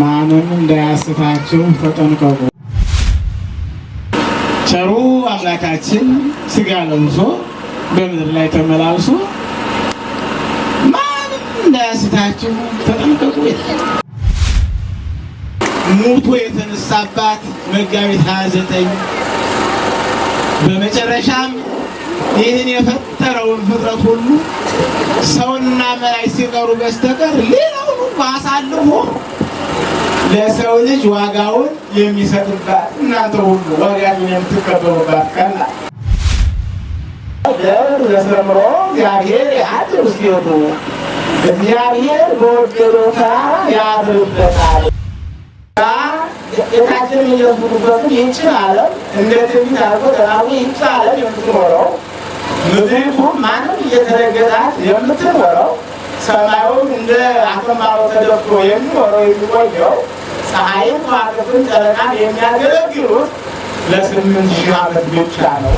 ማንም እንዳያስታችሁ ተጠንቀቁ። ቸሩ አምላካችን ስጋ ለብሶ በምድር ላይ ተመላልሶ ማንም እንዳያስታችሁ ተጠንቀቁ። ሙቶ የተነሳባት መጋቢት 29 በመጨረሻም ይህን የፈጠረውን ፍጥረት ሁሉ ሰውና መላእክት ሲቀሩ በስተቀር ሌላውን አሳልፎ ለሰው ልጅ ዋጋውን የሚሰጥባት እናንተ ሁሉ ዋጋችሁን የምትቀበሉባት ቀን ናት። ዘሰምሮ እግዚአብሔር ያድር ሲሉ እግዚአብሔር በወደደው ተራራ ያድርበታል። የታችንም እየዝቡበትን ይህችን ዓለም እንደ ትንቢት አድርጎ ተናግሮ ይህች ዓለም የምትኖረው ምድሪቱም ማንም እየተረገጣት የምትኖረው ሰማዩን እንደ አተማሮ ተደፍቶ የሚኖረው የሚቆየው ፀሐይን፣ ከዋክብትን፣ ጨረቃን የሚያገለግሉት ለስምንት ሺህ ዓመት ብቻ ነው።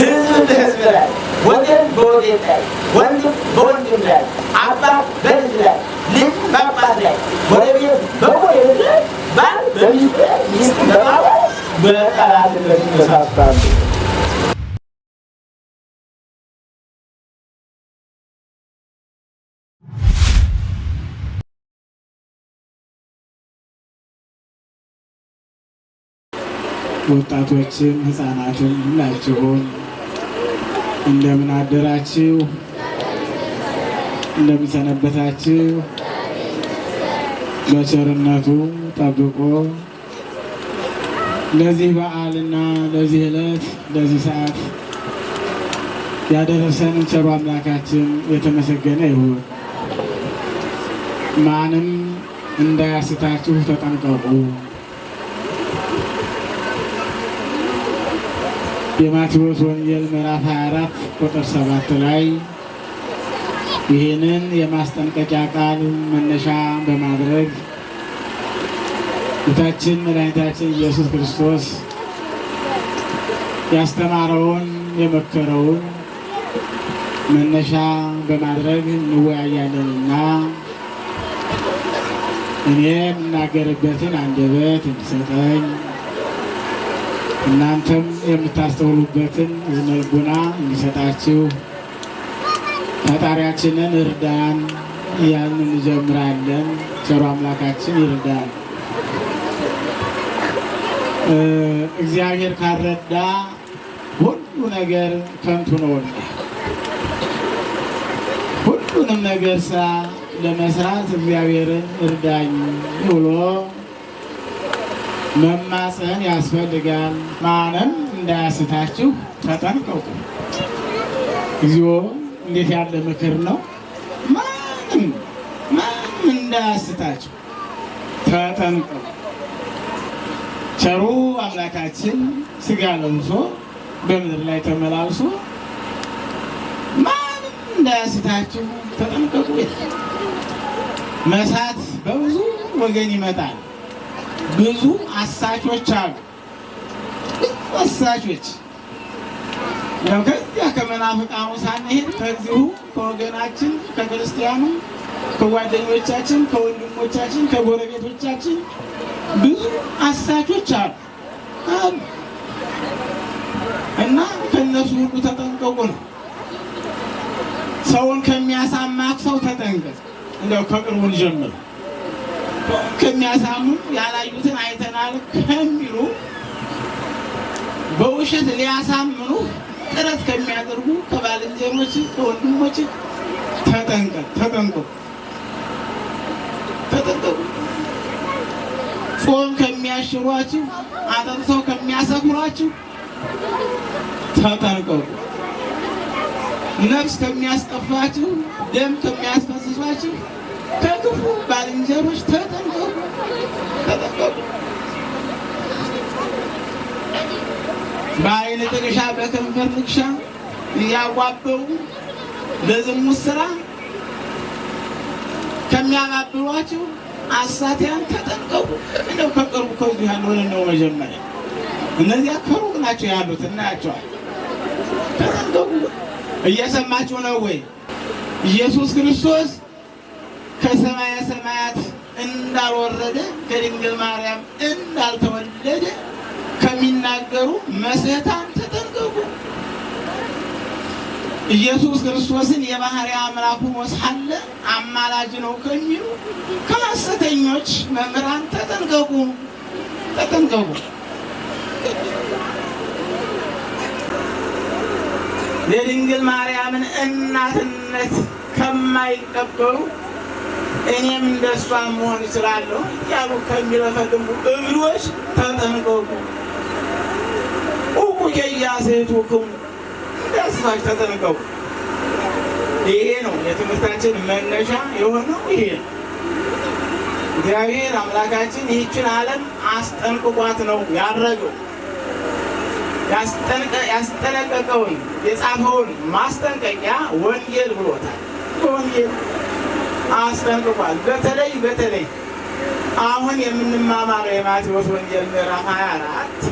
ህዝብ በህዝብ ላይ፣ ወገን በወገን ላይ፣ ወንድም በወንድም ላይ፣ አባት በልጅ ላይ፣ ልጅ በአባት ላይ፣ ጎረቤት በጎረቤት ላይ፣ ባል በሚስት ላይ፣ ሚስት በባል በጠላትነት ይመሳሰላሉ። ወጣቶችም ህፃናትም ሁላችሁም እንደምን አደራችሁ? እንደምን በቸርነቱ ጠብቆ ለዚህ በዓልና ለዚህ ዕለት ለዚህ ሰዓት ያደረሰን ቸሩ አምላካችን የተመሰገነ ይሁን። ማንም እንዳያስታችሁ ተጠንቀቁ። የማቴዎስ ወንጌል ምዕራፍ 24 ቁጥር 7 ላይ ይህንን የማስጠንቀቂያ ቃል መነሻ በማድረግ ጌታችን መድኃኒታችን ኢየሱስ ክርስቶስ ያስተማረውን የመከረውን መነሻ በማድረግ እንወያያለንና እኔ የምናገርበትን አንደበት እንዲሰጠኝ እናንተም የምታስተውሉበትን ልቦና እንዲሰጣችሁ ፈጣሪያችንን እርዳን ያን እንጀምራለን። ቸሩ አምላካችን ይርዳን። እግዚአብሔር ካልረዳ ሁሉ ነገር ከንቱ ነውና ሁሉንም ነገር ስራ ለመስራት እግዚአብሔርን እርዳኝ ብሎ መማፀን ያስፈልጋል። ማንም እንዳያስታችሁ ተጠንቀቁ። እግዚኦ እንዴት ያለ ምክር ነው! ማንም ማንም እንዳያስታችሁ ተጠንቀቁ። ቸሩ አምላካችን ስጋ ለብሶ በምድር ላይ ተመላልሶ ማንም እንዳያስታችሁ ተጠንቀቁ። መሳት በብዙ ወገን ይመጣል። ብዙ አሳቾች አሉ። አሳቾች ያው ከዚያ ከመናፍቃኑ ሳንሄድ ከዚሁ ከወገናችን ከክርስቲያኑ ከጓደኞቻችን፣ ከወንድሞቻችን፣ ከጎረቤቶቻችን ብዙ አሳቾች አሉ እና ከእነሱ ሁሉ ተጠንቀቁ ነው። ሰውን ከሚያሳማቅ ሰው ተጠንቀቅ። እንደው ከቅርቡን ጀምር ከሚያሳሙ ያላዩትን አይተናል ከሚሉ በውሸት ሊያሳምኑ ጥረት ከሚያደርጉ ከባልንጀሮች ከወንድሞች ተጠንቀ ተጠንቀ ተጠንቀቁ። ጾም ከሚያሽሯችሁ አጠጥተው ከሚያሰክሯችሁ ተጠንቀቁ። ነፍስ ከሚያስጠፋችሁ፣ ደም ከሚያስፈስሷችሁ ከክፉ ባልንጀሮች ተጠንቀቁ፣ ተጠንቀቁ። በአይን ጥቅሻ በከንፈር ንቅሻ እያጓበቡ ለዝሙት ስራ ከሚያባብሏቸው አሳቲያን ተጠንቀቁ። እንደው ከቅርቡ ከዚሁ ያለሆነ ነው መጀመሪያ እነዚያ ከሩቅ ናቸው ያሉት እናያቸዋል። ተጠንቀቁ። እየሰማችሁ ነው ወይ? ኢየሱስ ክርስቶስ ከሰማየ ሰማያት እንዳልወረደ ከድንግል ማርያም እንዳልተወለደ ከሚናገሩ መስህታን ተጠንቀቁ። ኢየሱስ ክርስቶስን የባህርይ አምላኩ ሞስሐለ አማላጅ ነው ከሚሉ ከሐሰተኞች መምህራን ተጠንቀቁ ተጠንቀቁ። የድንግል ማርያምን እናትነት ከማይቀበሉ እኔም እንደሷ መሆን እችላለሁ እያሉ ከሚለፈልሙ እግሮች ተጠንቀቁ። ቁቁ ሴቱ ክሙ እንዳስፋች ተጠንቀቁ። ይሄ ነው የትምህርታችን መነሻ የሆነው። ይሄ ነው እግዚአብሔር አምላካችን ይህችን ዓለም አስጠንቅቋት ነው ያረገው። ያስጠነቀቀውን የጻፈውን ማስጠንቀቂያ ወንጌል ብሎታል። ወንጌል አስጠንቅቋል። በተለይ በተለይ አሁን የምንማማረው የማቴዎስ ወንጌል ምዕራፍ 24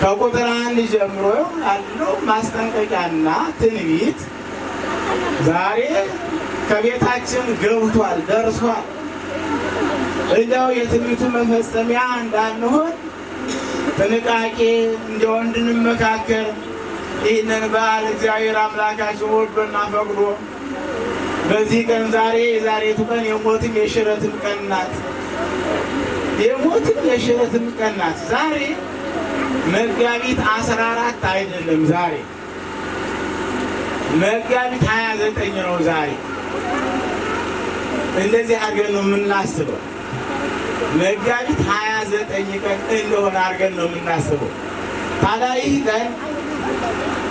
ከቁጥር አንድ ጀምሮ ያለው ማስጠንቀቂያና ትንቢት ዛሬ ከቤታችን ገብቷል፣ ደርሷል። እንደው የትንቢቱ መፈጸሚያ እንዳንሆን ጥንቃቄ እንደው እንድንመካከር ይህንን በዓል እግዚአብሔር አምላካችን ወዶና ፈቅዶ በዚህ ቀን ዛሬ የዛሬቱ ቀን የሞትም የሽረትም ቀን ናት። የሞትም የሽረትም ቀን ናት። ዛሬ መጋቢት አስራ አራት አይደለም። ዛሬ መጋቢት ሀያ ዘጠኝ ነው። ዛሬ እንደዚህ አድርገን ነው የምናስበው። መጋቢት ሀያ ዘጠኝ ቀን እንደሆነ አድርገን ነው የምናስበው። ታዲያ ይህ ቀን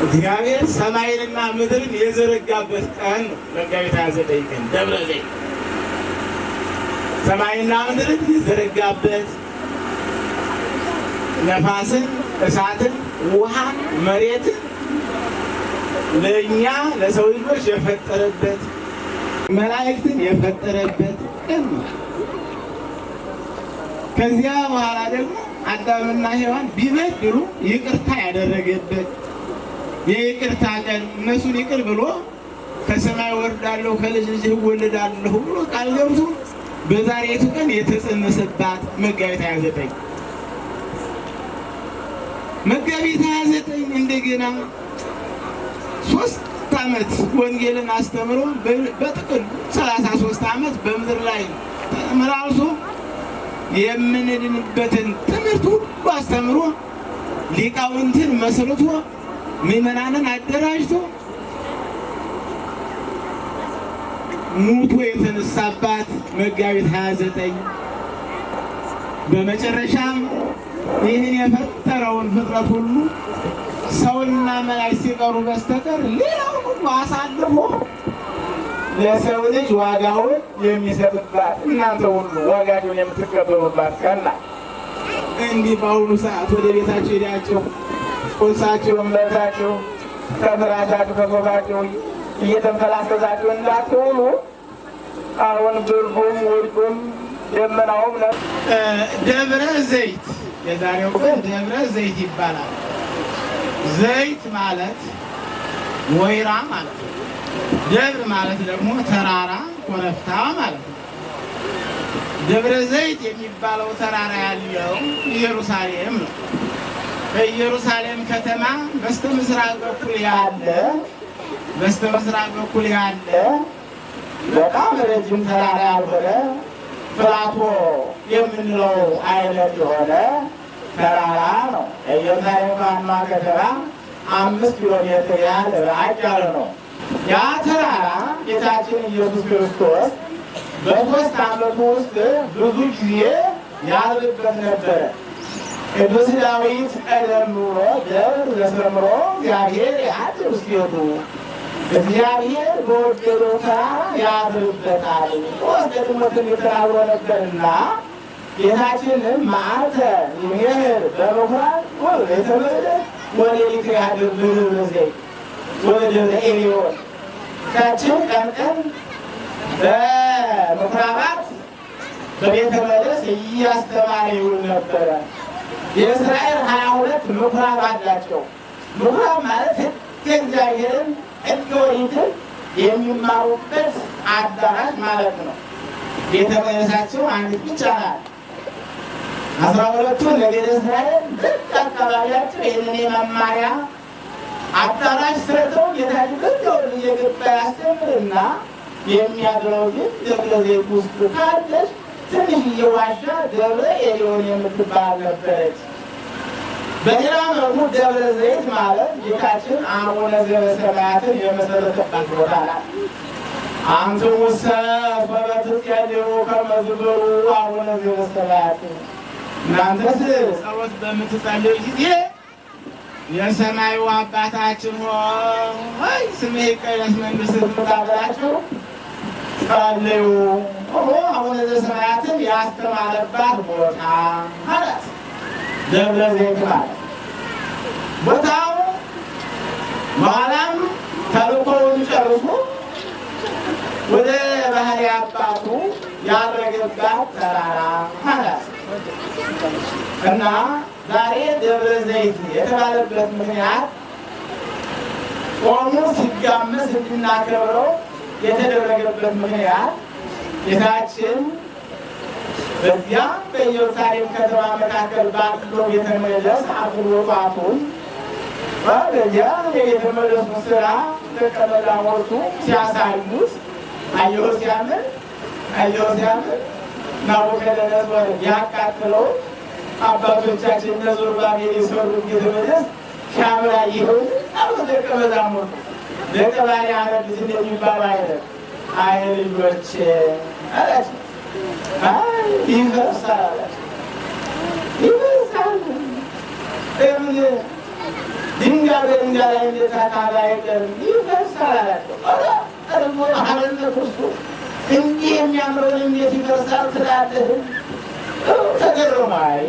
እግዚአብሔር ሰማይንና ምድርን የዘረጋበት ቀን መጋቢት ሃያ ዘጠኝ ቀን ደብረ ዘይት ሰማይና ምድርን የዘረጋበት ነፋስን፣ እሳትን፣ ውሃን፣ መሬትን ለእኛ ለሰው ልጆች የፈጠረበት መላእክትን የፈጠረበት ቀን ነው። ከዚያ በኋላ ደግሞ አዳምና ሔዋን ቢበድሉ ይቅርታ ያደረገበት የይቅርታ ቀን እነሱን ይቅር ብሎ ከሰማይ ወርዳለሁ ከልጅ ልጅ እወለዳለሁ ብሎ ቃል ገብቶ በዛሬቱ ቀን የተጸነሰባት መጋቢት 29 መጋቢት 29 እንደገና ሶስት ዓመት ወንጌልን አስተምሮ በጥቅል 33 ዓመት በምድር ላይ ተመላልሶ የምንድንበትን ትምህርት ሁሉ አስተምሮ ሊቃውንትን መስርቶ ምእመናንን አደራጅቶ ሙቶ የተነሳባት መጋቢት 29 በመጨረሻም ይህን የፈጠረውን ፍጥረት ሁሉ ሰውና መላእክት ሲቀሩ በስተቀር ሌላው ሁሉ አሳልፎ ለሰው ልጅ ዋጋውን የሚሰጥባት እናንተ ሁሉ ዋጋቸውን የምትቀበሉባት ቀና እንዲህ በአሁኑ ሰዓት ወደ ቤታቸው ሄዳቸው ሁልሳችሁም ለብሳችሁ ከፍራሻችሁ ከሶፋችሁ እየተንፈላሰሳችሁ እንዳትሆኑ አሁን ብርዱም ውርጩም ደመናውም ነ ደብረ ዘይት የዛሬው ቀን ደብረ ዘይት ይባላል። ዘይት ማለት ወይራ ማለት ነው። ደብር ማለት ደግሞ ተራራ ኮረብታ ማለት ነው። ደብረ ዘይት የሚባለው ተራራ ያለው ኢየሩሳሌም ነው። በኢየሩሳሌም ከተማ በስተ ምስራቅ በኩል ያለ በስተ ምስራቅ በኩል ያለ በጣም ረጅም ተራራ ያልሆነ ፍላቶ የምንለው አይነት የሆነ ተራራ ነው። የኢየሩሳሌም ከተማ አምስት ኪሎ ሜትር ያህል ራቅ ያለ ነው። ያ ተራራ ጌታችን ኢየሱስ ክርስቶስ በሶስት ዓመቱ ውስጥ ብዙ ጊዜ ያልብበት ነበረ። ቅዱስ ዳዊት ቀደምሮ ደብር ዘስርምሮ እግዚአብሔር ያድር ውስጤቱ እግዚአብሔር በወደደው ተራራ ያድርበታል። ሶስት የተናግሮ ነበርና ጌታችንም መዓልተ ይሜር በምኩራብ ወቤተ ወሌሊት ያድር ብድብረ ዘይት ወደብረ ኤልዮን ታችን ቀን በምኩራባት በቤተ መቅደስ እያስተማረ ይውል ነበረ። የእስራኤል ሀያ ሁለት ምኩራብ አላቸው። ምኩራብ ማለት ሕግ እግዚአብሔርን ሕግ ኦሪትን የሚማሩበት አዳራሽ ማለት ነው። ቤተ መቅደሳቸው አንድ ብቻ ናት። አስራ ሁለቱ ነገደ እስራኤል ልክ አካባቢያቸው ይህንን የመማሪያ አዳራሽ ስረተው ጌታችን በደወል እየገባ ያስተምርና የሚያድረው ግን ደብረ ዘይት ውስጥ ካለች የዚህ የዋሻ ደብረ ኤሊዮን የምትባል ነበረች። በሌላ መልኩ ደብረ ዘይት ማለት ጌታችን አቡነ ዘበሰማያትን የመሰረተባት ቦታ ናት። አንትሙ ሰ ፈበትጼልዑ ከመ ዝበሉ አቡነ ዘበሰማያት፣ እናንተስ ጸሎት በምትጸልዩ ጊዜ የሰማዩ አባታችን ሆይ ስምህ ይቀደስ፣ መንግስትህ ትምጣ ብላችሁ ጸልዩ እሆ አቡነ ዘበሰማያትን ያስተማረባት ቦታ ማለት ደብረ ዘይት ማለት ቦታው በኋላም ተልእኮውን ጨርሶ ወደ ባህሪ አባቱ ያረገባት ተራራ ማለት እና ዛሬ ደብረ ዘይት የተባለበት ምክንያት ጾሙ ሲጋመስ እንድናከብረው የተደረገበት ምክንያት ጌታችን በዚያም በኢየሩሳሌም ከተማ መካከል ባለው የተመለስ አፍሎ ጣቱን በዚያ የተመለሱ ስራ ደቀ መዛሙርቱ ሲያሳዩት አየሁ ሲያምን አየሁ ሲያምን ናቡከደነጾር ያቃጥለው አባቶቻችን እነ ዞርባቤል የሰሩት ቤተ መቅደስ ሲያምራ ይሁን አሉ ደቀ መዛሙርቱ ልቅ ባለ አመት ልጅነት የሚባል አይደለም። አይ ልጆቼ አላች ይፈርሳል አላች ይፈርሳል ምን ድንጋይ በድንጋይ ላይ እንደተካባ አይቀርም ይፈርሳል አላቸው። ቀርሞ ሀመነት እሱ እንዲህ የሚያምረውን እንዴት ይፈርሳል ትላለህ? ተገርማይ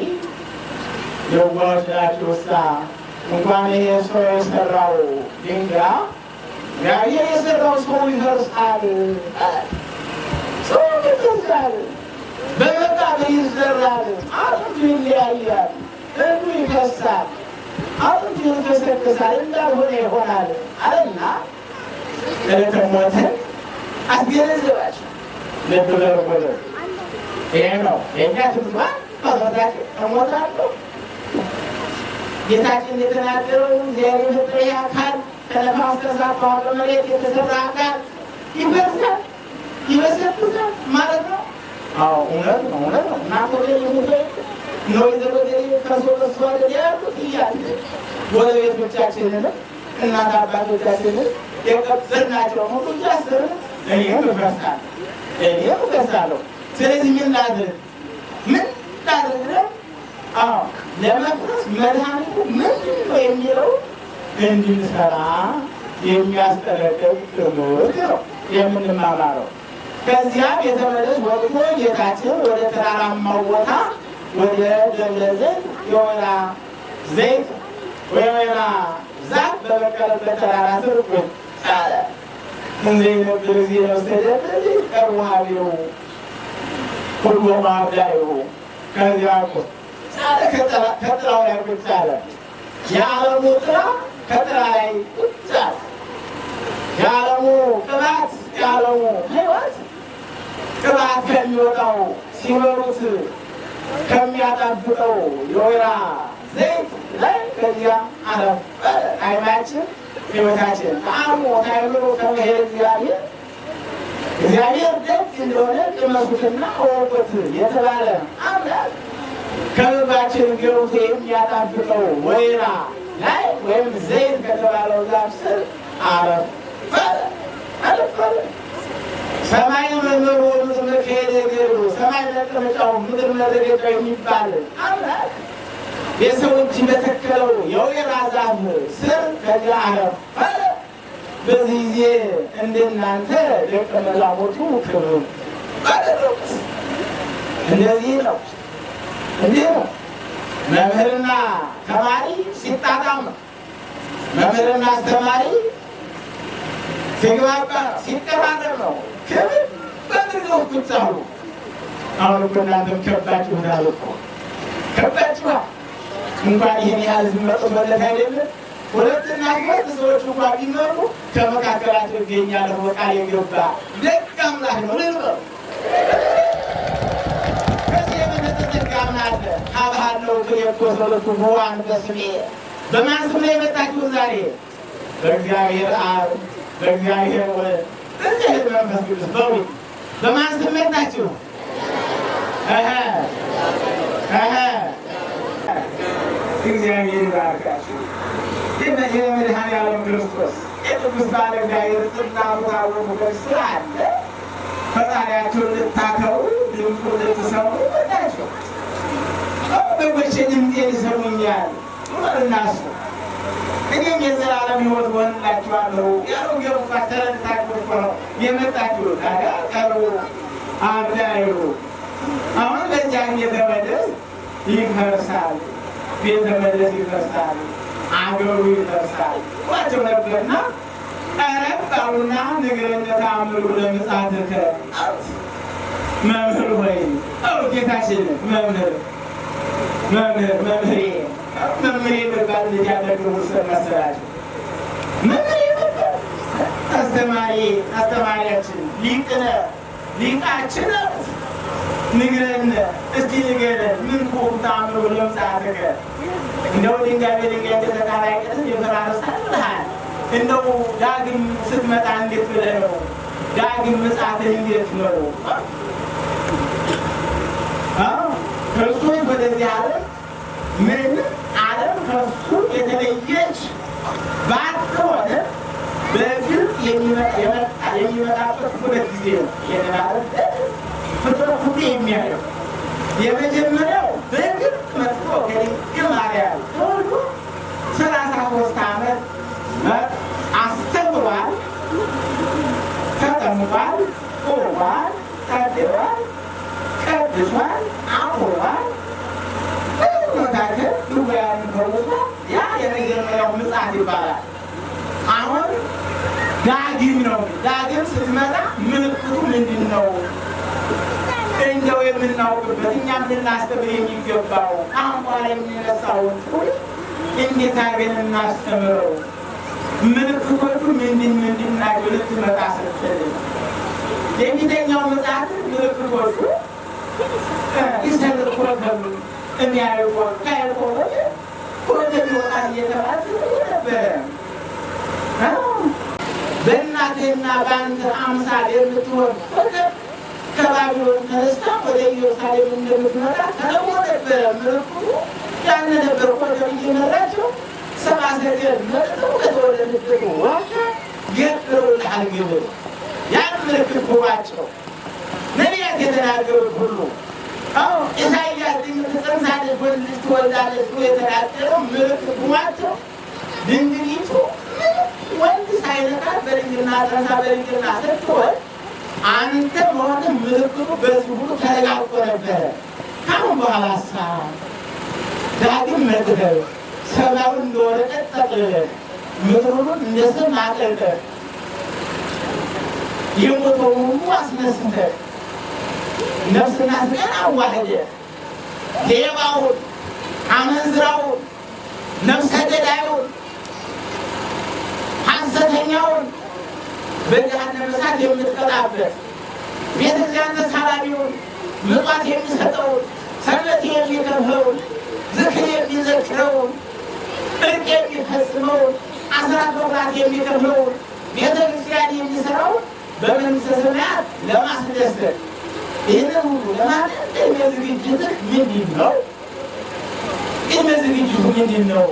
የዋዎች ናቸው እንኳን ይሄ ሰው የሰራው ድንጋይ የሰራው ሰው ይፈርሳል። ሰው ይፈርሳል። በመጣል ይዘራል። አጥንቱ ይለያያል። እዱ ይፈሳል። አጥንቱ ይፈሰከሳል። እንዳልሆነ ይሆናል አለና ለተሞተ አስገነዘባቸው። ልብ በርበለ ይህ ነው የእኛ ትምባ ተሞታለሁ ጌታችን የተናገረው እግዚአብሔር ፍጥሬ አካል ከነፋስ ተዛባው መሬት የተዘራ አካል ይበዛል ይበዘብዛል ማለት ነው። አዎ እውነት ነው፣ እውነት ነው። እናቶሌ ሙሴ ነው የዘበደ ያሉት እያለ ጎረቤቶቻችንን እናት አባቶቻችንን የቀበርናቸው ሁሉ እያስርን እኔም እፈርሳለሁ፣ እኔም እፈርሳለሁ። ስለዚህ ምን ላድርግ ምን ላድርግ? አዎ ለመፍረስ መድኃኒቱ ምንድን ነው የሚለው እንድንሰራ የሚያስጠረቅቅ ትምህርት ነው የምንማማረው። ከዚያም የተመለስ ወጥቶ ጌታችን ወደ ተራራማው ቦታ ወደ ደብረዘይት የወይራ ዘይት ወይወይራ ዛት በበቀለበት ተራራ ስር ቁጭ አለ። እንዘ ይነብር ዚመስደደብ ቀርዋሃቢው ሁሉ ማብዳይሁ ከዚያ ቁጭ አለ። ከጥላው ላይ ቁጭ አለ። የዓለሙ ጥላ ከጥራይ ቁጫት የዓለሙ ቅባት የዓለሙ ሕይወት ቅባት ከሚወጣው ሲበሩት ከሚያጣፍጠው የወይራ ዘይት ላይ ከዚያ አረፈ አይማችን ሕይወታችን ጣዕሙ ታይምሩ ከመሄድ እግዚአብሔር እግዚአብሔር ደግ እንደሆነ ቅመሱትና ወቁት የተባለ አምላክ ከልባችን ገብቶ የሚያጣፍጠው ወይራ ላይ ወይም ዘይት ከተባለው ዛፍ ስር አረፈረ አረፈረ። ሰማይ መምህሩ ምድር ከሄደገሩ ሰማይ መቀመጫው ምድር መዘገጃው የሚባል አምላክ የሰው እጅ የወይራ ዛፍ ስር ከዚያ አረፈረ። በዚህ ጊዜ እንደናንተ ደቀ መዛሙርቱ ክብር እንደዚህ ነው እንዲህ ነው መምህርና ተማሪ ሲጣጣም ነው። መምህርና አስተማሪ ሲግባባ ሲቀራረብ ነው። ክብር በድርገው ትምሳሉ። አሁን እኮ እናንተም ከባችሁታል እኮ ከባችኋል። እንኳን ይህን ያህል ዝመጡ መለት አይደለም። ሁለትና ግበት ሰዎች እንኳ ቢመሩ ከመካከላቸው ይገኛለሁ። በቃል የገባ ደግ አምላክ ነው ልንበሩ ከዚህ የመነጠ ደግ አምናለ ሀብሃለው ግን የኮሰለቱ በዋን በስሜ በማን ስም ላይ የመጣችሁ ዛሬ? በእግዚአብሔር አብ፣ በእግዚአብሔር ወልድ፣ በእግዚአብሔር መንፈስ ቅዱስ በሩ በማን ስም መጣችሁ? እግዚአብሔር ይባርካችሁ። የመድኃኔ ዓለም ክርስቶስ የቅዱስ ባለ እግዚአብሔር ጽናቱ ታወቁበት ስራ አለ። ፈጣሪያችሁን ልታከው ድምፁ ልትሰሙ መጣችሁ። በጎቼ ድምጤን ይሰሙኛል ኑረን እናስብ። እኔም የዘላለም ሕይወት ሆንላችኋለሁ ያለው ገሩፋ ተረድታችሁ ነው የመጣችሁ። ታዲያ ቀሩ አብዳዩ አሁን ለዚያን ቤተ መቅደስ ይፈርሳል፣ ቤተ መቅደስ ይፈርሳል፣ አገሩ ይፈርሳል ቸው ነበርና ቀረጣውና ንግረነ ተአምሩ ለምጽአትከ መምህር ሆይ ጌታችን መምህር መምህር መምህር መምሬ መባል እንደዚህ ያደርገው ስለመሰላቸው መምሬ መባል አስተማሪ አስተማሪያችን ሊቅነ ሊቃችን ንግረን እስቲ ንገረን ምን ቁም ታምሩ ለምጻተከ እንደው ድንጋቤ ድንጋይ እንደተቃላይቀት የፈራረሳል ብልሃል እንደው ዳግም ስትመጣ እንዴት ብለህ ነው ዳግም ምጽአትህ እንዴት ነው? ክርስቶስ ወደዚህ ዓለም ምን ዓለም ከሱ የተለየች ባትሆነ በግልጽ የሚመጣበት ሁለት ጊዜ ነው። ፍጥረት ሁሉ የሚያየው የመጀመሪያው በግልጽ መጥቶ ከድንግል ማርያም ተወልዶ ሰላሳ ሶስት ዓመት አስተምሯል፣ ተጠምቋል፣ ቆሟል፣ ጸልዋል፣ ቀድሷል ዳግ ይባላል። አሁን ዳግም ነው። ዳግም ስትመጣ ምልክቱ ምንድን ነው? እንደው የምናውቅበት እኛም ልናስተምር የሚገባው አሁን በኋላ የሚነሳውን እንዴት አድርገን እናስተምረው? ምልክቶቹ ምንድን ምንድን ናቸው? ልትመጣ ስትል የፊተኛው ምጽአት ምልክቶቹ ይሰልኮ ተብሎ የሚያደርጎ ያልቆ ወደድ ወጣት እየተባለ ነበረ። በእናትህና በአንተ አምሳል የምትሆን ከባቢሎን ተነስታ ወደ ኢየሩሳሌም እንደምትመጣ ተነቦ ነበረ። ምልክቱ ያን ነበር። ኮደብ እየመራቸው ሰባ ሰገል መጥተው ከተወለዱበት ዋሻ የት ግብር ያን ምልክት ጉባቸው ነቢያት የተናገሩት ሁሉ አዎ ኢሳይያስ ጽንስ አድርጎት ልጅ ትወልዳለች ብሎ የተናገረው ምልክት ሟቸው ድንግሊቱ ወንድ ሳይነጣት በድንግልና ጸንሳ በድንግልና ስትወልድ አንተ መሆንህ ምልክቱ በዚህ ሁሉ ተረጋግጦ ነበረ። ካሁን በኋላ ሳ ዳግም መግደል ሰማዩን እንደወረቀት ጠቅልለ ምድሩን እንደ ስም አቅልቀ የሞተውን ሁሉ አስነስተህ ነፍስን አስቀን አዋህደ ሌባውን፣ አመንዝራውን፣ ነፍሰ ገዳዩን፣ ሐሰተኛውን በገሃነመ እሳት የምትቀጣበት ቤተ ክርስቲያን ተሳላቢውን ምጽዋት የሚሰጠውን ሰንበት የሚከፍለውን ዝክር የሚዘክረውን እርቅ የሚፈጽመውን አስራት በኩራት የሚከፍለውን ቤተ ክርስቲያን የሚሰራውን በመንግሥተ ሰማያት ለማስደሰት ይህንን ሁሉ ለማድረግ ቅድመ ዝግጅትህ ምንድን ነው? ቅድመ ዝግጅቱ ምንድን ነው?